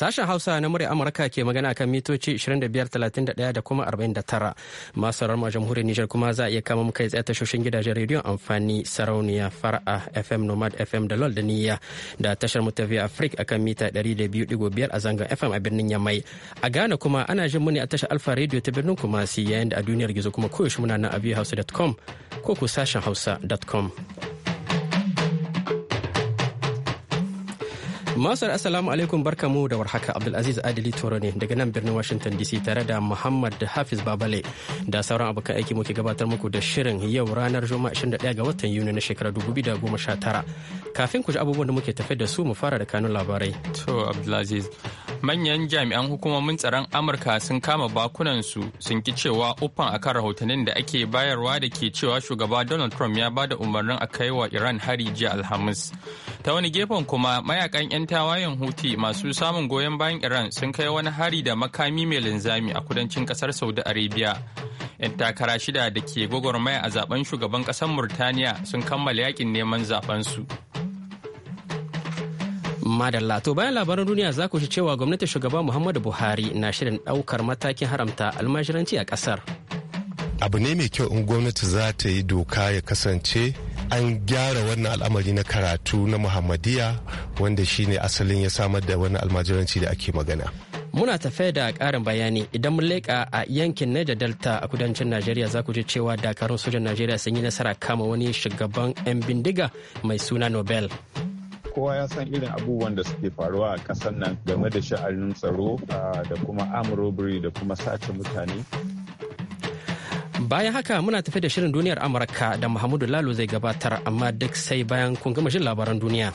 Sashen Hausa na murya Amurka ke magana kan mitoci 2531 da kuma 49. Masu rarma jamhuriyar Nijar kuma za a iya kama kai tsaye tashoshin gidajen rediyo amfani sarauniya fara'a FM Nomad FM da LOL da Niyya da tashar mu tafiya Afrik a kan mita 200.5 a zanga FM a birnin Yamai. A Ghana kuma ana jin mu ne a tashar Alfa rediyo ta birnin Kumasi yayin da a duniyar gizo kuma koyaushe muna nan a hausa.com ko ku sashen hausa.com. Masar Assalamu alaikum barkamu da warhaka Abdulaziz Adili Toro ne daga nan birnin Washington DC tare da Muhammad Hafiz Babale da sauran abokan aiki muke gabatar muku da shirin yau ranar Juma'a 21 ga watan Yuni na shekarar 2019. Kafin ku ji abubuwan da muke tafe da su mu fara da kanun labarai. To Abdulaziz manyan jami'an hukumomin tsaron amurka sun kama bakunansu sun ki cewa uffan akan rahotannin da ake bayarwa da ke cewa shugaba donald trump ya ba da umarnin a kai wa iran hari jiya alhamis ta wani gefen kuma mayakan 'yan tawayen huti masu samun goyon bayan iran sun kai wani hari da makami mai linzami a kudancin kasar saudi arabia 'yan takara shida da ke gwagwarmaya a zaben shugaban kasar murtaniya sun kammala yakin neman zaben su. Madalla to bayan labaran duniya za ku ji cewa gwamnatin shugaba Muhammadu Buhari na shirin ɗaukar matakin haramta almajiranci a kasar. Abu ne mai kyau in gwamnati za ta yi doka ya kasance an gyara wannan al'amari na karatu na Muhammadiyya wanda shine asalin ya samar da wani almajiranci da ake magana. muna tafe da karin bayani idan mun leƙa a yankin Niger Delta a kudancin Najeriya za ku ji cewa dakarun sojan Najeriya sun yi nasara kama wani shugaban 'yan bindiga mai suna Nobel. kowa ya san irin abubuwan da suke faruwa a ƙasar nan game da sha'anin tsaro da kuma amurobiri da kuma sace mutane bayan haka muna tafi da shirin duniyar amurka da muhammadu lalo zai gabatar amma duk sai bayan kun gama shin labaran duniya.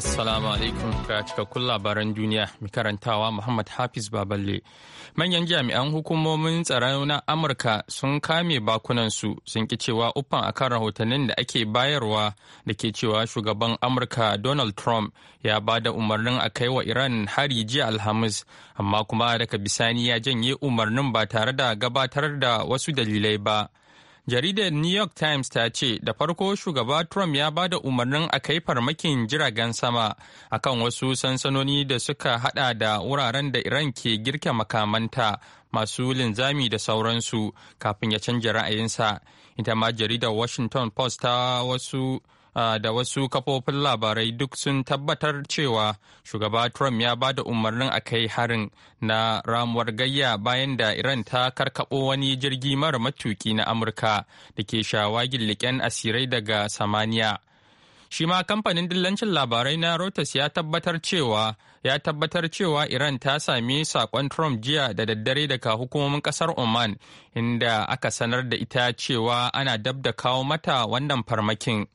Assalamu alaikum ga cikakkun labaran duniya mai karantawa Muhammad Hafiz Baballe. Manyan jami'an hukumomin tsaro na Amurka sun kame bakunansu sun ki cewa uffan akan rahotannin da ake bayarwa da ke cewa shugaban Amurka Donald Trump ya ba da umarnin a kai wa Iran hari jiya Alhamis, amma kuma daga bisani ya janye umarnin ba tare da gabatar da wasu dalilai ba. Jaridar New York Times ta ce da farko shugaba Trump ya ba da umarnin a kai farmakin jiragen sama akan wasu sansanoni da suka hada da wuraren da Iran ke girke makamanta masu linzami da sauransu kafin ya canja ra'ayinsa. Ita ma jaridar Washington Post ta wasu Ah, da wasu kafofin labarai duk sun tabbatar cewa shugaba Trump ya ba da umarnin a kai harin na ramuwar gayya bayan da Iran ta karkaɓo wani jirgi mara matuki na Amurka da ke shawagin liƙen asirai daga samaniya. Shi ma kamfanin dillancin labarai na Reuters ya tabbatar cewa ya tabbatar cewa Iran ta sami sakon Trump jiya da daddare daga hukumomin kasar Oman inda aka sanar da ita cewa ana dab da kawo mata wannan farmakin.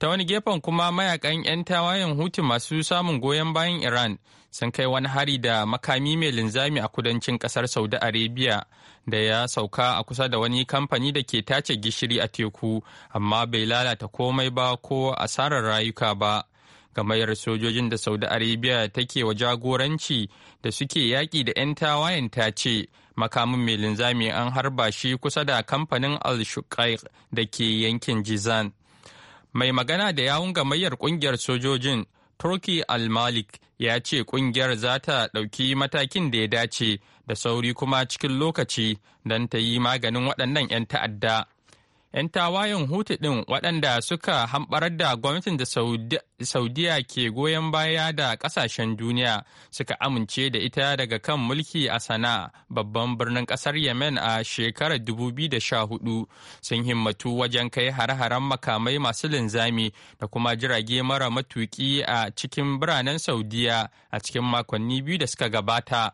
ta wani gefen kuma mayakan 'yan tawayen hutu masu samun goyon bayan iran sun kai wani hari da makami mai linzami a kudancin kasar saudi arabia da ya sauka a kusa da wani kamfani da ke tace gishiri a teku amma bai lalata komai ba ko asarar rayuka ba gamayyar sojojin da saudi arabia take wa jagoranci da suke yaƙi da 'yan tawayen ta ce makamin mai linzami an harba shi kusa da kamfanin al da ke yankin jizan mai magana da yawun gamayyar kungiyar sojojin turki al-malik ya ce kungiyar za ta ɗauki matakin da ya dace da sauri kuma cikin lokaci don ta yi maganin waɗannan 'yan ta'adda 'yan tawayen hutu ɗin waɗanda suka hamɓarar da gwamnatin da saudiya ke goyon baya da ƙasashen duniya suka amince da ita daga kan mulki a sana babban birnin ƙasar yemen a shekarar 2014 sun himmatu wajen kai har-haren makamai masu linzami da kuma jirage mara matuƙi a cikin biranen saudiya a cikin makonni biyu da suka gabata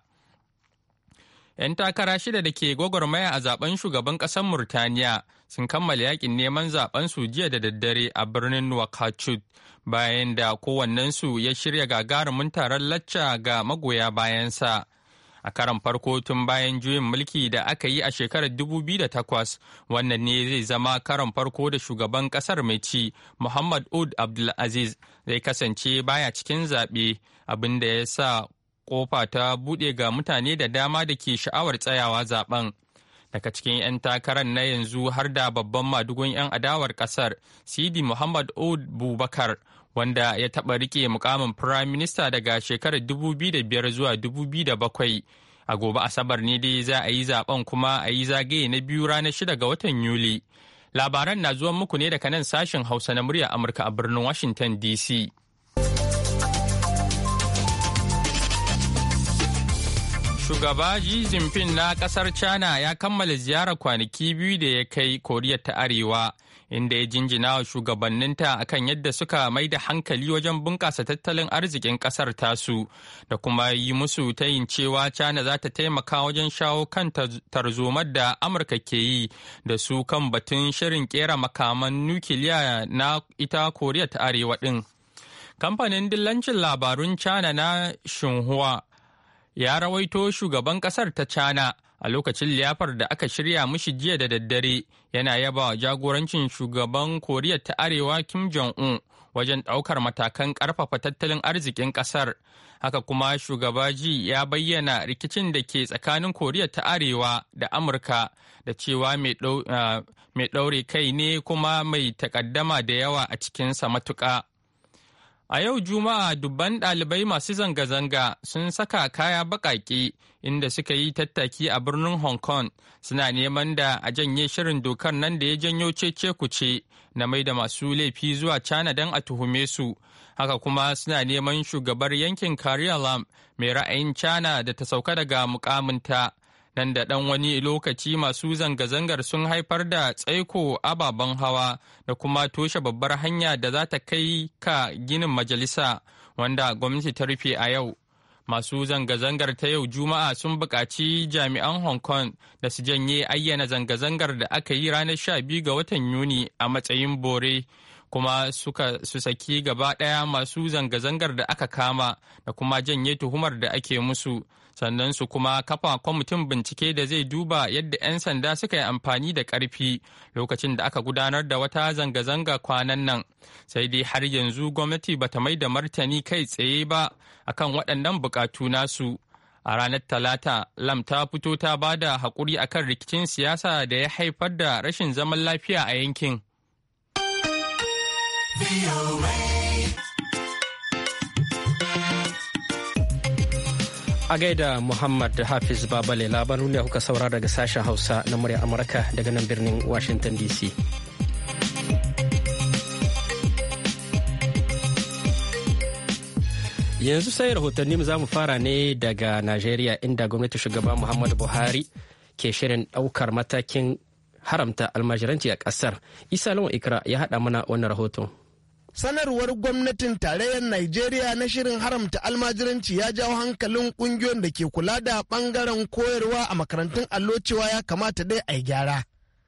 'yan takara shida da ke gwagwarmaya a zaben shugaban ƙasar murtaniya sun kammala yakin neman zaben su jiya da daddare a birnin Nouakchott bayan da kowannensu ya shirya gagarumin taron lacca ga magoya bayansa. A karan farko tun bayan juyin mulki da aka yi a shekarar 2008 wannan ne zai zama karan farko da shugaban kasar mai ci Muhammad Ud Abdulaziz zai kasance baya cikin zaɓe abin da ya sa ƙofa ta buɗe ga mutane da dama da ke sha'awar tsayawa zaben. daga cikin 'yan takarar na yanzu har da babban madugun 'yan adawar kasar sidi muhammad old bubakar wanda ya taɓa rike mukamin prime minister daga shekarar 2005 zuwa 2007 a gobe asabar ne dai za a yi zaben kuma a yi zagaye na biyu ranar shida ga watan yuli labaran na zuwan muku ne daga nan sashen hausa na murya amurka a birnin washington dc Shugaba Xi Jinping na kasar China ya kammala ziyarar kwanaki biyu da ya kai Koriya ta Arewa, inda ya jinjina wa shugabanninta akan yadda suka mai da hankali wajen bunƙasa tattalin arzikin kasar tasu, da kuma yi musu tayin cewa China za ta taimaka wajen shawo kan tarzomar da Amurka ke yi da su kan batun shirin ƙera makaman nukiliya na ita Koriya ta Arewa ɗin. Kamfanin dillancin labarun China na Xinhua ya rawaito shugaban kasar ta China a lokacin liyafar da aka shirya mishi jiya da daddare yana yaba jagorancin shugaban Koriya ta Arewa Kim Jong-un wajen daukar matakan karfafa tattalin arzikin kasar Haka kuma shugaba ji ya bayyana rikicin da ke tsakanin Koriya ta Arewa da Amurka da cewa mai daure ah, kai ne kuma mai takaddama da yawa a cikinsa matuƙa. A yau Juma'a dubban ɗalibai masu zanga-zanga sun saka kaya baƙaƙe inda suka yi tattaki a birnin Hong Kong suna neman da a janye shirin dokar nan da ya janyo cece kuce na mai da masu laifi zuwa China don a tuhume su. Haka kuma suna neman shugabar yankin Carrie Lam mai ra'ayin China da ta sauka daga mukaminta nan da ɗan wani lokaci masu zanga-zangar sun haifar da tsaiko ababen hawa da kuma toshe babbar hanya da za ta kai ka ginin majalisa wanda gwamnati ta rufe a yau masu zanga-zangar ta yau juma'a sun buƙaci jami'an hong kong da su janye ayyana zanga-zangar da aka yi ranar biyu ga watan yuni a matsayin bore kuma suka su saki gaba ɗaya masu zanga-zangar da aka kama da kuma janye tuhumar da ake musu sannan su kuma kafa kwamitin bincike da zai duba yadda 'yan sanda suka yi amfani da ƙarfi lokacin da aka gudanar da wata zanga-zanga kwanan nan sai dai har yanzu gwamnati bata mai da martani kai tsaye ba akan waɗannan buƙatu nasu a ranar talata lam ta fito ta ba da haƙuri akan rikicin siyasa da ya haifar da rashin zaman lafiya a yankin. A gaida Muhammad Hafiz Babale labarun da kuka saura daga sashen Hausa na murya Amurka daga nan birnin Washington DC. Yanzu sai rahotanni za mu fara ne daga Najeriya inda gwamnati shugaba Muhammadu Buhari ke shirin ɗaukar matakin haramta almajiranci a ƙasar. Isa Lawan Ikra ya haɗa mana wannan rahoton. sanarwar gwamnatin tarayyar Najeriya na shirin haramta almajiranci ya jawo hankalin kungiyoyin da ke kula da bangaren koyarwa a makarantun allo cewa ya kamata dai a gyara.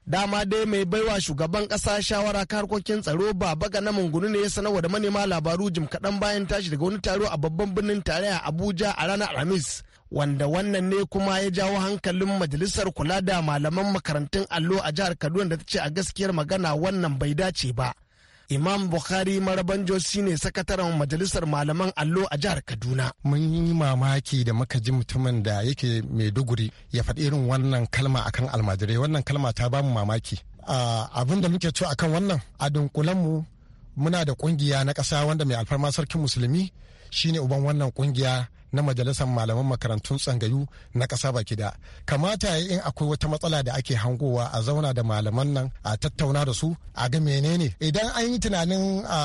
Dama dai mai baiwa shugaban kasa shawara ka harkokin tsaro ba baga na mungunu ne ya sanarwa da manema labaru jim kaɗan bayan tashi daga wani taro a babban birnin tarayya Abuja a ranar Alhamis. wanda wannan ne kuma ya jawo hankalin majalisar kula da malaman makarantun allo a jihar kaduna da ta ce a gaskiyar magana wannan bai dace ba Imam Bukhari Marabanjo shine sakataren majalisar malaman allo a jihar Kaduna. Mun yi mamaki da muka ji mutumin da yake Maiduguri ya faɗi irin wannan kalma akan almajirai wannan kalma ta bamu mamaki. Abin da muke cewa akan wannan a mu muna da kungiya na ƙasa wanda mai alfarma sarkin musulmi shine uban wannan kungiya na majalisar malaman makarantun tsangayu na ƙasa baki da kamata ya in akwai wata matsala da ake hangowa a zauna da malaman nan a tattauna da su a ga menene idan an yi tunanin a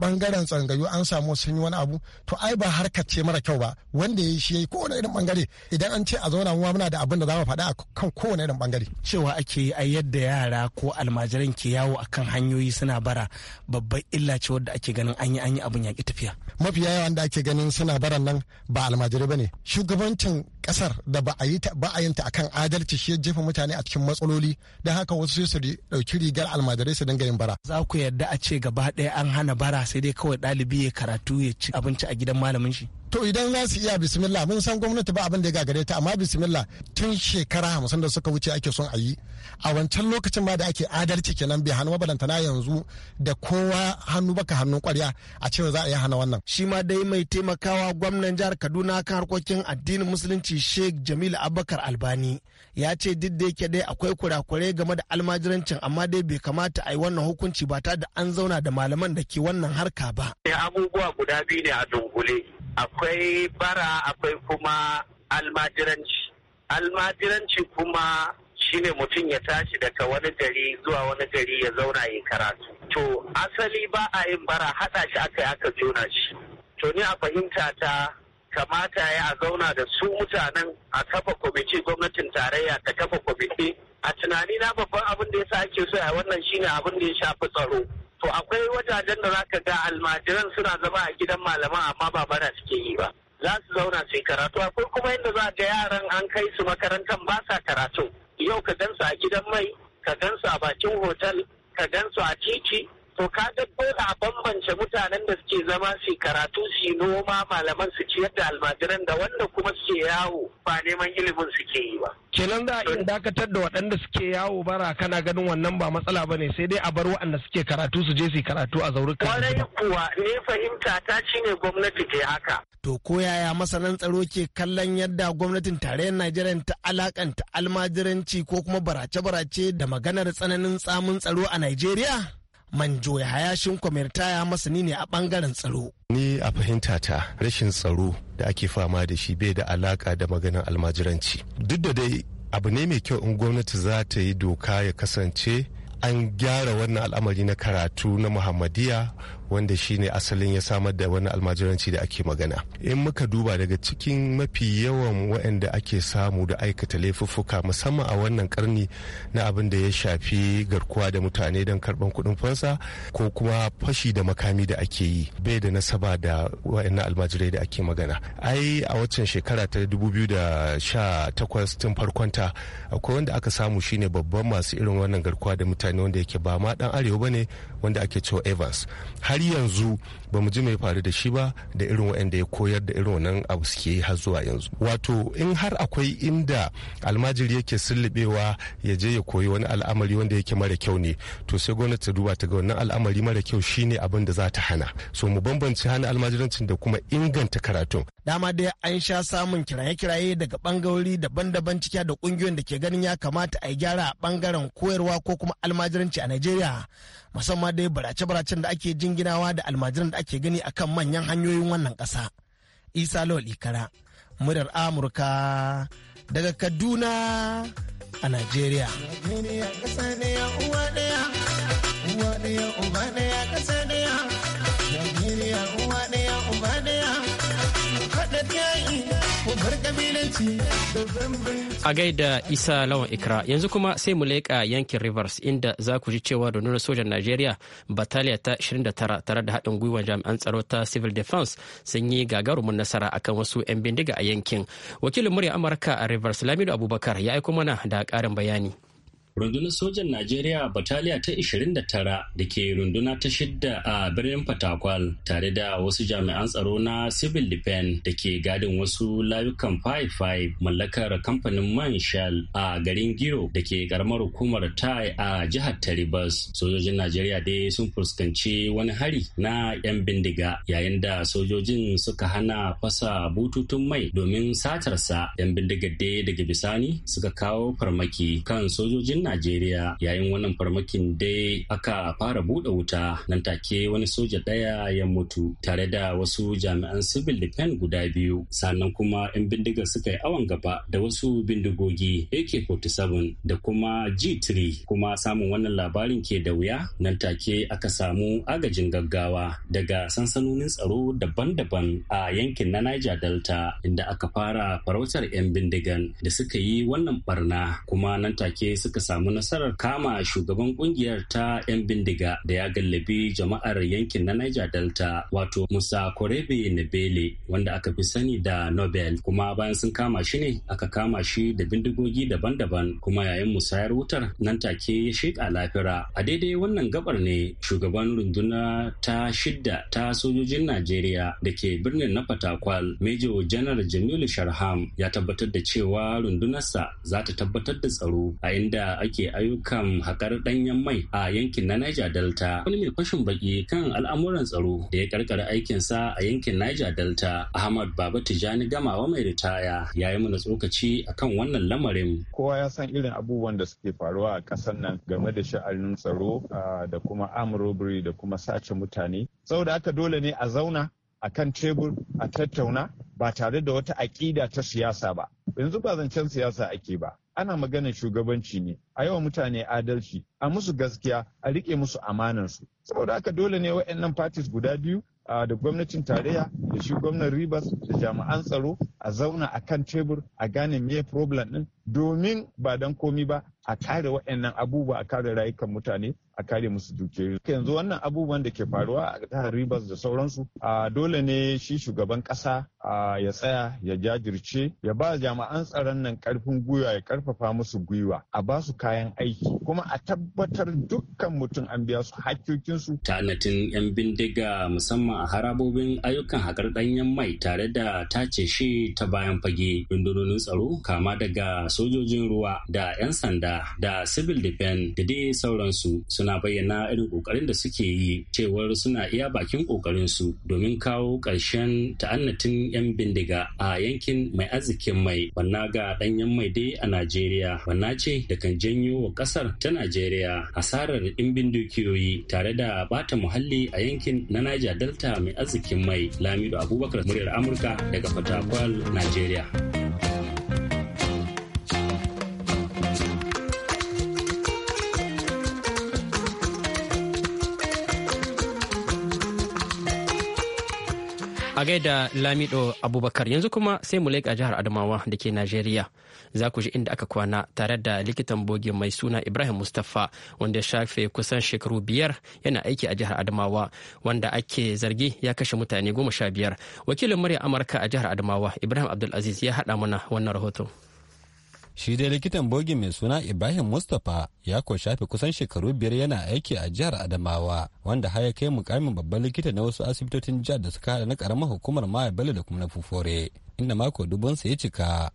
bangaren tsangayu an samu sun yi wani abu to ai ba harkar ce mara kyau ba wanda ya shi ko wani irin bangare idan an ce a zauna mu muna da abin da za mu faɗa kan kowane irin bangare cewa ake yi a yadda yara ko almajiran ke yawo akan hanyoyi suna bara babbar illa ce wadda ake ganin an yi an yi abin yaƙi tafiya mafiya yawan da ake ganin suna baran nan ba almajirai ba ne shugabancin kasar da ba a yi ba a akan adalci shi jefa mutane a cikin matsaloli da haka wasu sai su dauki rigar almajirai su dinga yin bara za ku yarda a ce gaba ɗaya an hana bara sai dai kawai dalibi ya karatu ya ci abinci a gidan malamin shi to idan za su iya bismillah mun san gwamnati ba abin da ya gagare ta amma bismillah tun shekara hamsin da suka wuce ake son a yi a wancan lokacin ma da ake adalci kenan bai hannu na yanzu da kowa hannu baka hannun kwarya a cewa za a yi hana wannan shi ma dai mai taimakawa gwamnan jihar kaduna kan harkokin addinin musulunci gwamnati sheikh Jamilu abubakar albani ya ce duk da yake dai akwai kurakurai game da almajirancin amma dai bai kamata a yi wannan hukunci ba ta da an zauna da malaman da ke wannan harka ba. Eh, abubuwa guda biyu ne a dungule akwai bara akwai kuma almajiranci almajiranci kuma shine mutum ya tashi daga wani gari zuwa wani gari ya zauna ya karatu to asali ba a yin bara haɗa shi aka yi aka jona shi to ni a fahimta ta kamata ya a zauna da su mutanen a kafa kwamiti gwamnatin tarayya ta kafa kwamiti a tunani na babban abin da ya sa ake so a wannan shine abin da ya shafi tsaro to akwai wajajen da zaka ga almajiran suna zama a gidan malaman amma ba bara suke yi ba za su zauna su karatu akwai kuma yadda za ga yaran an kai su makarantar ba sa karatu yau ka gansu a gidan mai ka gansu a bakin hotel ka gansu a titi to ta dole a bambance mutanen da suke zama su karatu su noma malaman su ciyar da almajiran da wanda kuma suke yawo ba neman ilimin suke yi ba kenan za a iya dakatar da waɗanda suke yawo bara kana ganin wannan ba matsala bane sai dai a bar waɗanda suke karatu su je su karatu a zauruka kwarai kuwa ne fahimta ta shine gwamnati ke haka to ko yaya masanan tsaro ke kallon yadda gwamnatin tarayyar najeriya ta alakanta almajiranci ko kuma barace-barace da maganar tsananin tsamin tsaro a najeriya manjo ya hayashin kwamirtaya masani ne a bangaren tsaro ni a fahimta ta rashin tsaro da ake fama da shi bai da alaka da maganin almajiranci duk da dai abu ne mai kyau in gwamnati za ta yi doka ya kasance an gyara wannan al'amari na karatu na muhammadiya wanda shine asalin ya samar da wani almajiranci da ake magana in muka duba daga cikin mafi yawan waɗanda ake samu da aikata laifuffuka musamman a wannan karni na abin da ya shafi garkuwa da mutane don karban kuɗin fansa ko kuma fashi da makami da ake yi bai da nasaba da waɗannan almajirai da ake magana ai a waccan shekara ta 2018 tun farkonta akwai wanda aka samu shine babban masu irin wannan garkuwa da mutane wanda yake ba ma dan arewa bane wanda ake cewa evans har har yanzu ba mu ji mai faru da shi ba da irin waɗanda ya koyar da irin wannan abu suke yi har zuwa yanzu wato in har akwai inda almajiri yake sullubewa ya je ya koyi wani al'amari wanda yake mara kyau ne to sai gwamnati ta duba ta ga wannan al'amari mara kyau shine abin da za ta hana so mu bambance hana almajirancin da kuma inganta karatun dama dai an sha samun kiraye-kiraye daga bangarori daban-daban ciki da kungiyoyin da ke ganin ya kamata a gyara a bangaren koyarwa ko kuma almajiranci a Najeriya musamman dai barace-baracen da ake jingina Madinawa da almajiran da ake gani a kan manyan hanyoyin wannan ƙasa. Isa Lawal Ikara, murar Amurka daga Kaduna a Najeriya. A gaida Isa Lawan Ikra yanzu kuma sai mu leƙa yankin Rivers inda za ku ji cewa rundunar sojan Najeriya bataliya ta 29 tare da haɗin gwiwar jami'an tsaro ta Civil Defense sun yi gagarumin nasara akan wasu 'yan bindiga a yankin. Wakilin murya Amurka a Rivers lamidu Abubakar ya aiko mana da ƙarin bayani. rundunar sojan najeriya bataliya ta 29 da ke runduna ta shidda a birnin fatakwal tare da wasu jami'an tsaro na civil defense da ke gadin wasu layukan 5-5 mallakar kamfanin man shell a garin giro da ke karamar hukumar tai a jihar taribas sojojin najeriya dai sun fuskanci wani hari na 'yan bindiga yayin da sojojin suka hana fasa bututun mai domin satarsa 'yan bindigar dai daga bisani suka kawo farmaki kan sojojin Najeriya yayin wannan farmakin dai aka fara buɗe wuta nan take wani soja ɗaya ya mutu tare da wasu jami'an civil defense guda biyu sannan kuma 'yan bindigar suka yi awon gaba da wasu bindigogi AK-47 da kuma G3 kuma samun wannan labarin ke da wuya nan take aka samu agajin gaggawa daga sansanonin tsaro daban-daban a yankin na Niger Delta inda aka fara farautar 'yan bindigan da suka yi wannan barna kuma nan take suka samu nasarar kama shugaban kungiyar ta 'yan bindiga da ya gallabi jama'ar yankin na Niger Delta wato Musa Korebe Nebele wanda aka fi sani da Nobel kuma bayan sun kama shi ne aka kama shi da bindigogi daban-daban kuma yayin musayar wutar nan take ya sheƙa lafira. A daidai wannan gabar ne shugaban runduna ta shidda ta sojojin Najeriya da ke birnin na Fatakwal Major General Jamilu Sharham ya tabbatar da cewa rundunarsa za ta tabbatar da tsaro a inda ake ayyukan haƙar ɗanyen mai a yankin na Niger Delta. Wani mai fashin baki kan al'amuran tsaro da ya karkara aikinsa a yankin Niger Delta, Ahmad Baba Tijani Gamawa mai ritaya ya yi mana tsokaci akan wannan lamarin. Kowa ya san irin abubuwan da suke faruwa a ƙasar nan game da sha'anin tsaro da kuma arm robbery da kuma sace mutane. Saboda haka dole ne a zauna a kan tebur a tattauna ba tare da wata aƙida ta siyasa ba. yanzu ba zancen siyasa ake ba ana maganar shugabanci ne a yawa mutane adalci a musu gaskiya a rike musu amanarsu saboda haka dole ne waɗannan parties guda biyu da gwamnatin tarayya da shi gwamnan ribas da jami'an tsaro a zauna a kan tebur a gane me problem din domin ba dan komi ba a kare waɗannan abubuwa a kare rayukan mutane a kare musu dukiyoyi yanzu wannan abubuwan da ke faruwa a jihar Rivers da sauransu a dole ne shi shugaban ƙasa ya tsaya ya jajirce ya ba jami'an tsaron nan karfin gwiwa ya karfafa musu gwiwa a ba su kayan aiki kuma a tabbatar dukkan mutum an biya su su tanatin yan bindiga musamman a harabobin ayyukan haƙar ɗanyen mai tare da tace shi ta bayan fage rundunonin tsaro kama daga sojojin ruwa da 'yan sanda da civil defense da dai sauransu suna bayyana irin kokarin da suke yi cewar suna iya bakin kokarin su domin kawo ƙarshen ta'annatin 'yan bindiga a yankin mai arzikin mai banna ga ɗanyen mai dai a najeriya banna ce da kan janyo wa ƙasar ta najeriya asarar ɗimbin dukiyoyi tare da bata muhalli a yankin na niger delta mai arzikin mai lamido abubakar muryar amurka daga fatakwal najeriya. A gaida Lamido Abubakar yanzu kuma sai mu leka jihar Adamawa da ke Najeriya. Za ku ji inda aka kwana tare da likitan bogi mai suna Ibrahim Mustapha wanda ya shafe kusan shekaru biyar yana aiki a jihar Adamawa wanda ake zargi ya kashe mutane goma sha biyar. Wakilin murya Amurka a jihar Adamawa Ibrahim Abdulaziz ya haɗa mana wannan rahoton. shi dai likitan bogi mai suna ibrahim mustapha ya ko shafe kusan shekaru biyar yana aiki a jihar adamawa wanda har ya kai mukamin babban likita na wasu asibitocin jihar da suka hada na karamar hukumar maya bello da kuma na fufore inda mako dubunsa ya cika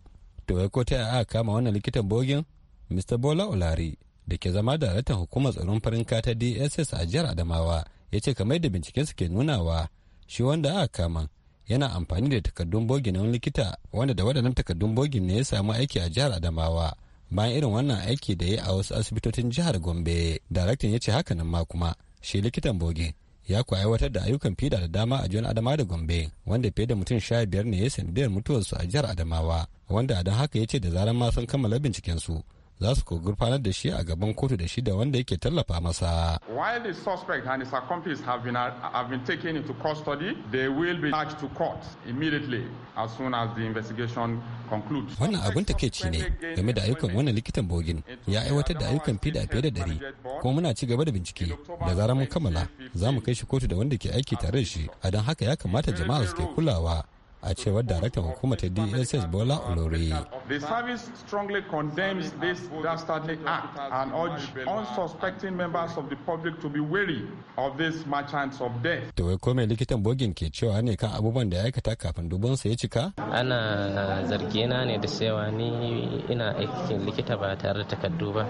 to ya ko ta aka kama wannan likitan bogin mr bola olari da ke zama daraktan hukumar tsaron farin kata dss a jihar adamawa ya ce kamar da bincikensu ke nunawa shi wanda aka kama yana amfani da takardun bogi na wani likita wanda da waɗannan takardun bogin ne ya samu aiki a jihar adamawa bayan irin wannan aiki da ya a wasu asibitocin jihar gombe daraktan ya ce hakanan ma kuma shi likitan bogi ya ku aiwatar da ayyukan fida da dama a jihar adama da gombe wanda fiye da mutum sha biyar ne ya sanadiyar mutuwarsu a jihar adamawa wanda don haka ya ce da zaran ma sun kammala bincikensu za su gurfanar da shi a gaban kotu da shi da wanda yake tallafa masa. While the suspect and his accomplice have been, uh, have been taken into custody, they will be charged to court immediately as soon as the investigation concludes. Wannan abin takeici ne game da ayyukan wannan likitan bogin ya aiwatar da ayyukan fida fiye da ɗari kuma muna ci gaba da bincike da zarar mun kammala za mu kai shi kotu da wanda ke aiki tare da shi a don haka ya kamata jama'a su ke kulawa a cewar daraktan hukumar ta dss bola olore the service strongly condemns this dastardly act and urge unsuspecting members of the public to be wary of this merchants of death to wai ko mai likitan bogin ke cewa ne kan abubuwan da ya aikata kafin dubansa ya cika ana na ne da cewa ni ina aikin likita ba tare da takardu ba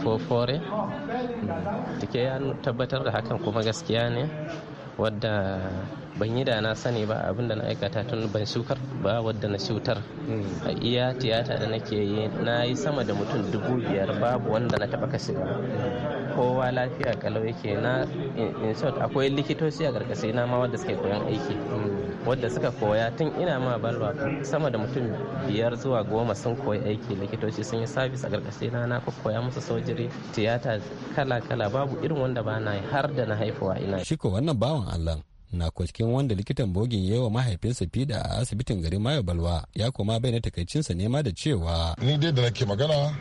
fofore eh, da ya tabbatar da hakan kuma gaskiya ne wadda ban yi da na sani ba abin da na aikata tun ban sukar ba wadda na cutar hmm. a iya tiyata da nake yi na yi sama da mutum dubu biyar babu wanda na taba ba kowa lafiya kalau yake na in akwai likitoci a karkashe na ma wadda suke koyan aiki hmm. wadda suka koya tun ina ma balwa sama da mutum biyar zuwa goma sun koyi aiki likitoci sun yi sabis a karkashe na na koya musu sojiri tiyata kala kala babu irin wanda ba na har da na haifuwa ina shi ko wannan bawan Allah na kwaskin wanda likitan bogin ya yi wa mahaifinsa fida a asibitin garin mayo balwa ya koma bai na takaicinsa nema da cewa ni dai da nake magana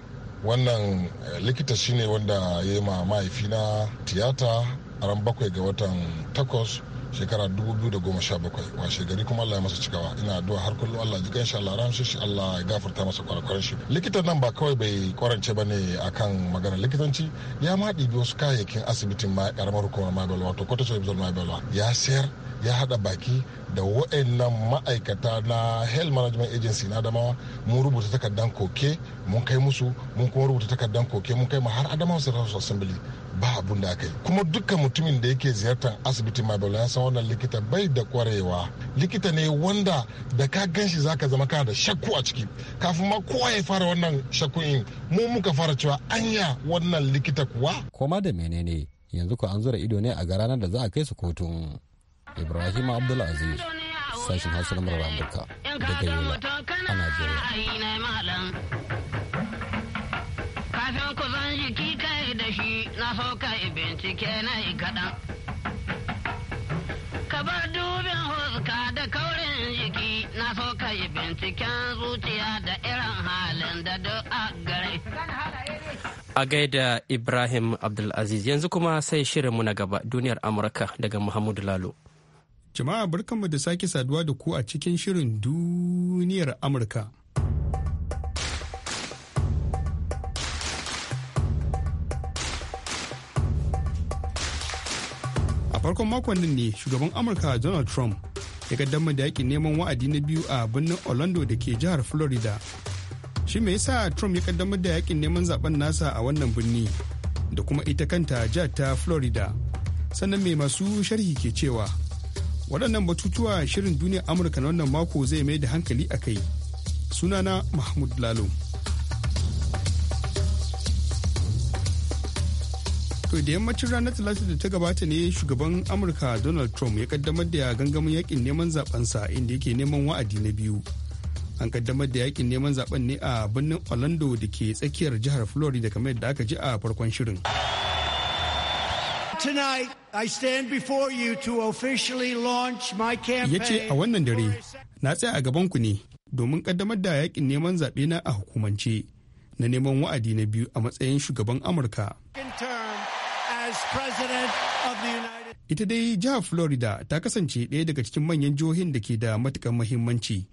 wannan eh, likita shine wanda ya yi ma mahaifina tiyata a ran bakwai ga watan takwas shekara 2017 washe gari kuma Allah ya masa cikawa ina addu'a har kullum Allah ji insha Allah ran shi Allah ya gafarta masa kwarakwaran shi likitan nan ba kawai bai kwarance bane akan magana likitanci ya ma ɗibi wasu kayayyakin asibitin ma karamar hukumar Maibel wato Kota Soibzol Maibel ya sayar ya hada baki da wa'annan ma'aikata na health management agency na adamawa mun rubuta takardan koke mun kai musu mun kuma rubuta takardan koke mun kai mu har adamawa sun rasu assembly ba abun da aka yi kuma duka mutumin da yake ziyartar asibiti mai ya san wannan likita bai da kwarewa likita ne wanda da ka gan shi zaka zama kana da shakku a ciki kafin ma kowa ya fara wannan in mu muka fara cewa anya wannan likita kuwa koma da menene yanzu ko an zura ido ne a ga ranar da za a kai su kotun ibrahim abdulaziz sashin hausa na amurka daga yola a najeriya shi na so ka bincike na yi kaɗan. Kabar dubin huska da kaurin jiki na so ka binciken zuciya da irin halin da duk a gare. A gaida Ibrahim Abdulaziz yanzu kuma sai shirinmu na gaba duniyar Amurka daga Muhammadu Lalo. Jama'a barkanmu da sake saduwa da ku a cikin shirin duniyar Amurka. farkon makon nan ne shugaban amurka donald trump ya kaddamar da yakin neman wa'adi na biyu a birnin orlando da ke jihar florida shi me yasa trump ya kaddamar da yakin neman zaben nasa a wannan birni da kuma ita kanta jihar ta florida sannan mai masu sharhi ke cewa waɗannan batutuwa shirin duniyar amurka na wannan mako zai mai da hankali a kai sunana mahmud lalo To da yammacin ranar Talata da ta gabata ne shugaban Amurka Donald Trump ya kaddamar da gangamin yakin neman zabensa inda yake neman wa'adi na biyu. An kaddamar da yakin neman zaben ne a birnin Orlando da ke tsakiyar jihar Florida kamar yadda aka ji a farkon shirin. Tonight, I stand before you to officially launch my campaign. Yace a wannan dare, na tsaya a gaban ku ne domin kaddamar da yakin neman zaɓe na a hukumance na neman wa'adi na biyu a matsayin shugaban Amurka. of the Ita dai jihar Florida ta kasance ɗaya daga cikin manyan jihohin da ke da matukan mahimmanci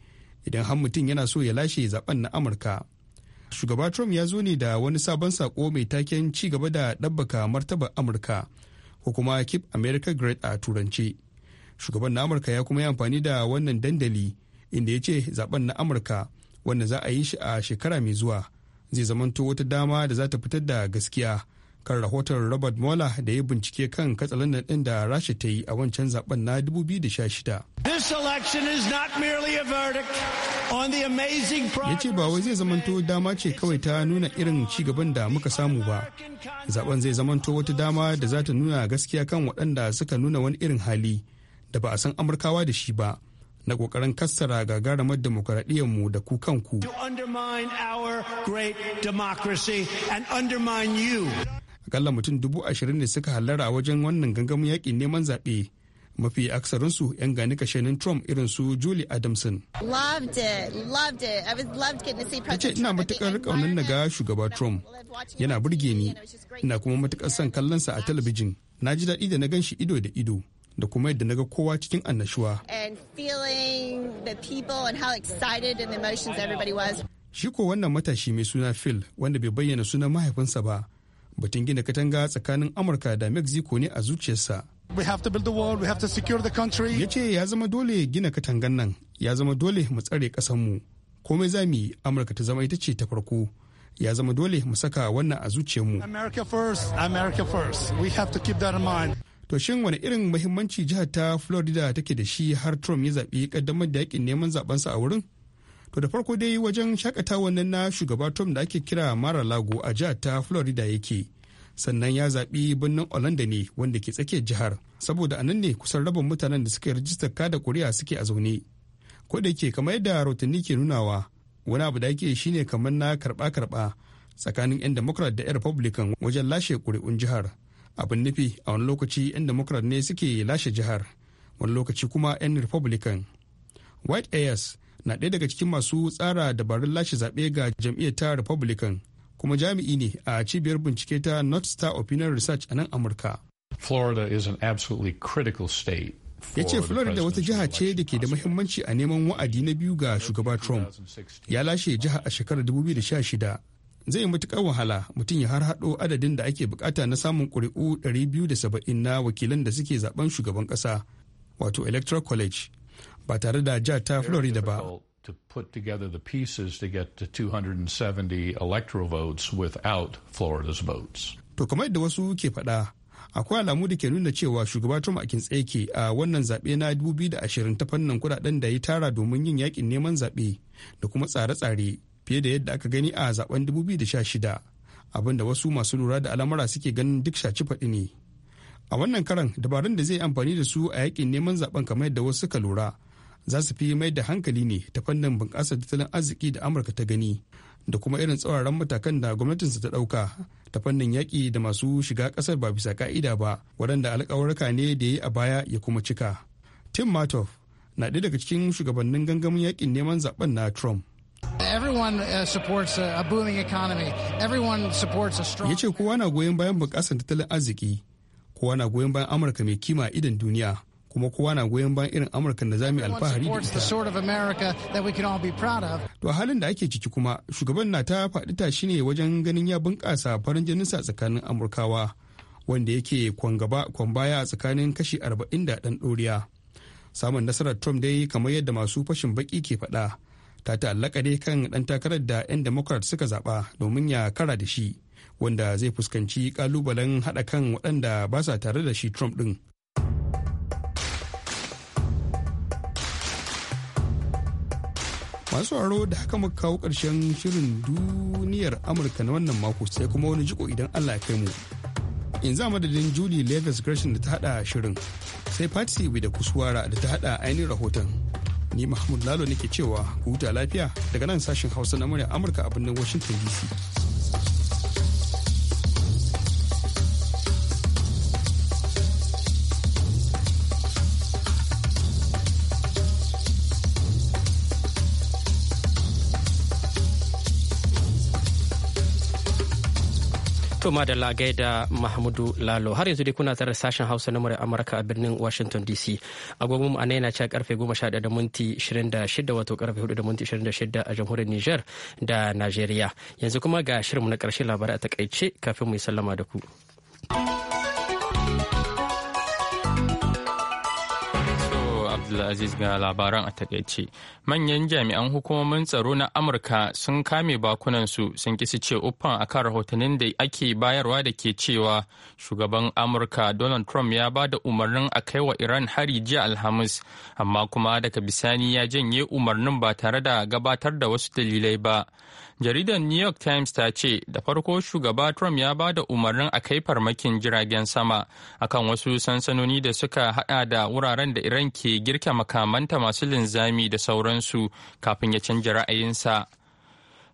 idan har mutum yana so ya lashe zaben na Amurka. Shugaba Trump ya zo ne da wani sabon sako mai taken ci gaba da ɗabbaka martaba Amurka ko kuma Keep America Great a turance. Shugaban na Amurka ya kuma yi amfani da wannan dandali inda ya ce zaben na Amurka wanda za a yi shi a shekara mai zuwa zai zamanto wata dama da za ta fitar da gaskiya kan rahoton robert mueller da ya bincike kan katsalandan ɗin da rasha ta yi a wancan zaben na 2016 progress. yace ba wai zai zamanto dama ce kawai ta nuna irin ci gaban da muka samu ba zaben zai zamanto wata dama da za ta nuna gaskiya kan waɗanda suka nuna wani irin hali da ba a san amurkawa da shi ba na ƙoƙarin kassara gagarumar mu da ku kanku. akalla mutum dubu ashirin ne suka hallara wajen wannan gangamin yakin neman zaɓe mafi aksarinsu 'yan gani kashenin trump irin su julie adamson ta ce ina matuƙar ƙaunin na ga shugaba trump yana burge ni ina kuma matuƙar son kallonsa a talabijin na ji daɗi da na gan shi ido da ido da kuma yadda na ga kowa cikin annashuwa. Shi ko wannan matashi mai suna Phil wanda bai bayyana sunan mahaifinsa ba batun gina katanga tsakanin amurka da mexico ne a zuciyarsa ya ce ya zama dole gina katangan nan ya zama dole mu tsare kasanmu komai za mu yi amurka ta zama ita ce ta farko ya zama dole mu saka wannan a zuciyarmu to shin wani irin muhimmanci jihar ta florida take da shi har trump ya zaɓi ƙaddamar da yakin neman zaɓensa a wurin To da farko dai wajen shakatawa wannan na shugaba Tom da ake kira Mara Lago a jihar ta Florida yake. Sannan ya zaɓi birnin Orlando ne wanda ke tsakiyar jihar, saboda a nan ne kusan rabin mutanen da suka rijistar kada kuri'a suke a zaune. Ko da ke kamar yadda rahotanni ke nunawa, wani abu da yake shine kamar na karɓa-karɓa tsakanin 'yan Democrat da 'yan Republican wajen lashe kuri'un jihar. Abin nufi a wani lokaci 'yan Democrat ne suke lashe jihar, wani lokaci kuma 'yan Republican. White Ayers na ɗaya daga cikin masu tsara dabarun lashe zaɓe ga jam'iyyar ta republican kuma jami'i ne a cibiyar bincike ta north star opinion research a nan amurka florida is an absolutely critical state ya ce florida wata jiha ce da ke da mahimmanci a neman wa'adi na biyu ga shugaba trump ya lashe jiha a shekarar 2016 zai yi matuƙar wahala mutum ya har haɗo adadin da ake bukata na samun ƙuri'u 270 na wakilan da suke zaben shugaban ƙasa wato electoral college ba tare da ja ta Florida ba. To put together the pieces to get to 270 electoral votes without Florida's votes. To kamar yadda wasu ke faɗa, akwai alamu da ke nuna cewa shugaba Trump a kintse yake a wannan zaɓe na 2020 ta fannin kuɗaɗen da ya tara domin yin yakin neman zaɓe da kuma tsare-tsare fiye da yadda aka gani a zaben 2016 da wasu masu lura da al'amura suke ganin duk shaci faɗi ne. A wannan karan dabarun da zai amfani da su a yakin neman zaben kamar yadda wasu suka lura za su fi mai da hankali ne ta fannin bunƙasar tattalin arziki da amurka ta gani da kuma irin tsauraran matakan da gwamnatinsa ta ɗauka ta fannin yaƙi da masu shiga ƙasar ba bisa ƙa'ida ba waɗanda alƙawarka ne da ya yi a baya ya kuma cika tim matov na ɗaya daga cikin shugabannin gangamin yaƙin neman zaben na trump uh, Ya ce kowa na goyon bayan bunƙasar tattalin arziki. Kowa na goyon bayan Amurka mai kima idan duniya. kuma kowa na goyon bayan irin amurka da zamu alfahari da ita to halin da ake ciki kuma shugaban na ta faɗi tashi ne wajen ganin ya bunƙasa farin sa tsakanin amurkawa wanda yake kwan gaba kwan baya tsakanin kashi arba'in da ɗan ɗoriya samun nasarar trump dai kamar yadda masu fashin baki ke faɗa ta ta'allaka dai kan ɗan takarar da 'yan democrat suka zaɓa domin ya kara da shi wanda zai fuskanci ƙalubalen haɗa kan waɗanda ba sa tare da shi trump ɗin masu sauraro da haka muka kawo ƙarshen shirin duniyar amurka na wannan mako sai kuma wani jiko idan allah ya kai mu in za madadin julie levis gershon da ta hada shirin sai patsy da kuswara da ta hada ainihin rahoton ni mahmud lalo nake cewa ku huta lafiya daga nan sashen hausa na murya amurka a birnin washington dc To madalla gaida Mahmudu Lalo har yanzu dai kuna tare sashen Hausa na murya Amurka a birnin Washington DC. Agogon mu a nan yana cewa karfe 11:26 da minti wato karfe 4:26 a jamhuriyar Niger da Najeriya. Yanzu kuma ga shirin na karshe labarai a takaice kafin mu yi sallama da ku. Abdulaziz ga labaran a takaice. Manyan jami'an hukumomin tsaro na Amurka sun kame bakunansu sun kisi ce uffan akan rahotannin da ake bayarwa da ke cewa shugaban Amurka Donald Trump ya ba da umarnin a kai wa Iran hari jiya Alhamis, amma kuma daga bisani ya janye umarnin ba tare da gabatar da wasu dalilai ba. Jaridar New York Times ta ce da farko shugaba Trump ya ba da umarnin a kai farmakin jiragen sama akan wasu sansanoni da suka hada da wuraren da Iran ke girka makamanta masu linzami da sauransu kafin ya canja ra'ayinsa.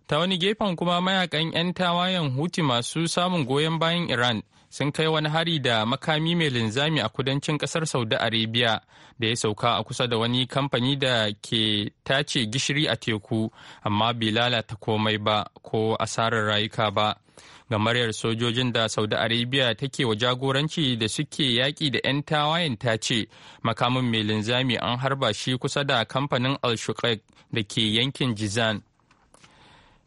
ta wani gefen kuma mayakan 'yan tawayen huti masu samun goyon bayan iran sun kai wani hari da makami mai linzami a kudancin kasar saudi arabia da ya sauka a kusa da wani kamfani da ke tace gishiri a teku amma bai lalata komai ba ko asarar rayuka ba gamaryar sojojin da saudi arabia take wa jagoranci da suke yaƙi da 'yan tawayen ta ce makamin mai linzami an harba shi kusa da kamfanin al da ke yankin jizan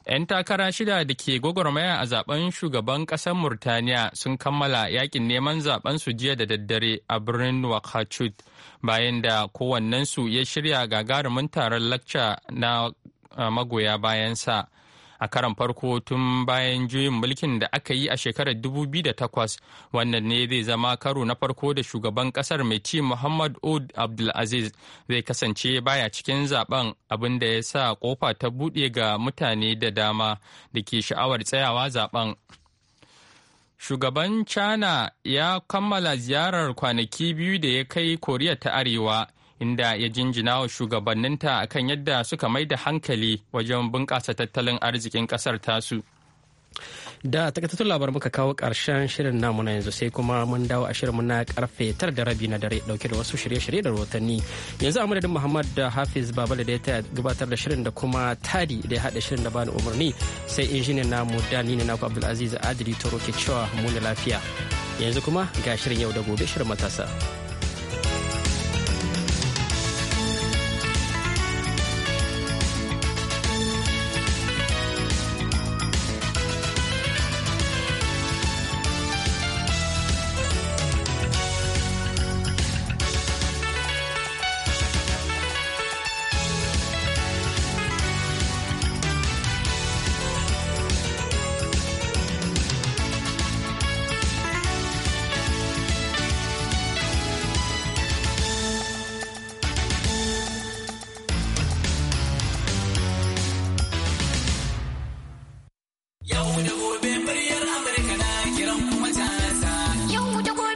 'Yan takara shida da ke gwagwarmaya a zaben shugaban ƙasar Murtaniya sun kammala yakin neman zaben su jiya da daddare a birnin Nouakchott bayan da kowannensu ya shirya gagarumin taron lacca na eh, magoya bayansa a karan farko tun bayan juyin mulkin da aka yi a shekarar 2008 wannan ne zai zama karo na farko da shugaban kasar mai ci muhammad old abdulaziz zai kasance baya cikin zaben abin da ya sa kofa ta buɗe ga mutane da dama da ke sha'awar tsayawa zaben shugaban china ya kammala ziyarar kwanaki biyu da ya kai koriya ta arewa inda ya jinjina wa shugabanninta kan yadda suka mai da hankali wajen bunƙasa tattalin arzikin ƙasar tasu. da takaitattun labar muka kawo karshen shirin namu na yanzu sai kuma mun dawo a shirin na karfe tara da rabi na dare dauke da wasu shirye-shirye da rotanni. yanzu a madadin muhammad da hafiz babala da ya taya gabatar da shirin da kuma tadi da ya haɗa shirin da bani umarni sai injiniyan namu dani ne naku abdulaziz adri ta ke cewa mu lafiya yanzu kuma ga shirin yau da gobe shirin matasa.